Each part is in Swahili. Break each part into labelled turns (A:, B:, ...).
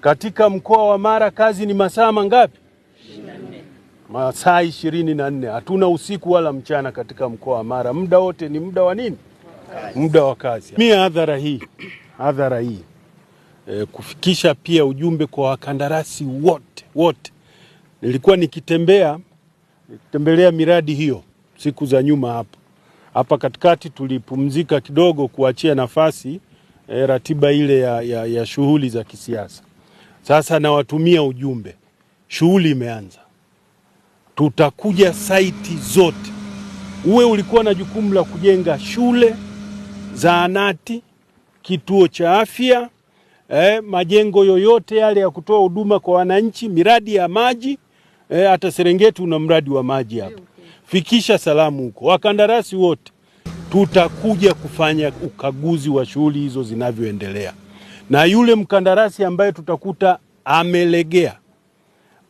A: Katika mkoa wa Mara kazi ni masaa mangapi? Masaa ishirini na nne. Hatuna usiku wala mchana katika mkoa wa Mara, muda wote ni muda wa nini?
B: Muda wa kazi.
A: Mimi hadhara hii, hadhara hii e, kufikisha pia ujumbe kwa wakandarasi wote wote. Nilikuwa nikitembea nikitembelea miradi hiyo siku za nyuma hapo hapa katikati tulipumzika kidogo kuachia nafasi e, ratiba ile ya, ya, ya shughuli za kisiasa. Sasa nawatumia ujumbe, shughuli imeanza. Tutakuja saiti zote, uwe ulikuwa na jukumu la kujenga shule, zahanati, kituo cha afya eh, majengo yoyote yale ya kutoa huduma kwa wananchi, miradi ya maji eh, hata Serengeti una mradi wa maji hapo. Fikisha salamu huko, wakandarasi wote, tutakuja kufanya ukaguzi wa shughuli hizo zinavyoendelea na yule mkandarasi ambaye tutakuta amelegea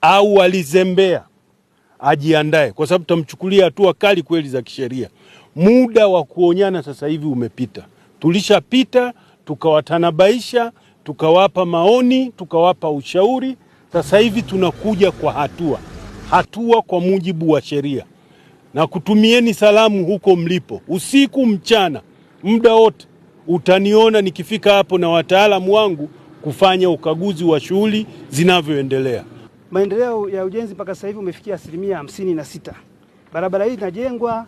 A: au alizembea ajiandae, kwa sababu tutamchukulia hatua kali kweli za kisheria. Muda wa kuonyana sasa hivi umepita, tulishapita tukawatanabaisha, tukawapa maoni, tukawapa ushauri. Sasa hivi tunakuja kwa hatua hatua kwa mujibu wa sheria, na kutumieni salamu huko mlipo, usiku mchana, muda wote utaniona nikifika hapo na wataalamu wangu kufanya ukaguzi wa shughuli zinavyoendelea.
C: Maendeleo ya ujenzi mpaka sasa hivi umefikia asilimia hamsini na sita. Barabara hii inajengwa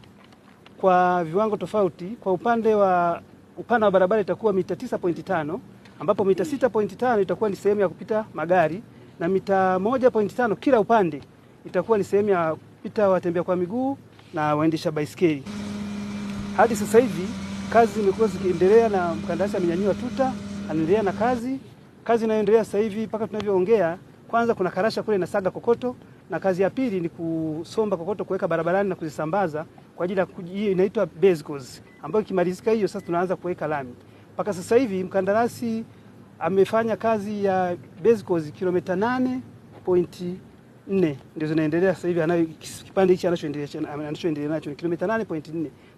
C: kwa viwango tofauti. Kwa upande wa upana wa barabara itakuwa mita 9.5 ambapo mita 6.5 itakuwa ni sehemu ya kupita magari na mita 1.5 kila upande itakuwa ni sehemu ya kupita watembea kwa miguu na waendesha baisikeli. Hadi sasa hivi kazi imekuwa zikiendelea na mkandarasi amenyanyua tuta, anaendelea na kazi. Kazi inayoendelea sasa hivi mpaka tunavyoongea, kwanza kuna karasha kule inasaga kokoto, na kazi ya pili ni kusomba kokoto kuweka barabarani na kuzisambaza kwa ajili ya hiyo inaitwa base course, ambayo ikimalizika hiyo sasa tunaanza kuweka lami. Mpaka sasa hivi mkandarasi amefanya kazi ya base course kilomita 8.4 ndio zinaendelea sasa hivi, anayo kipande hichi anachoendelea anachoendelea nacho ni kilomita 8.4.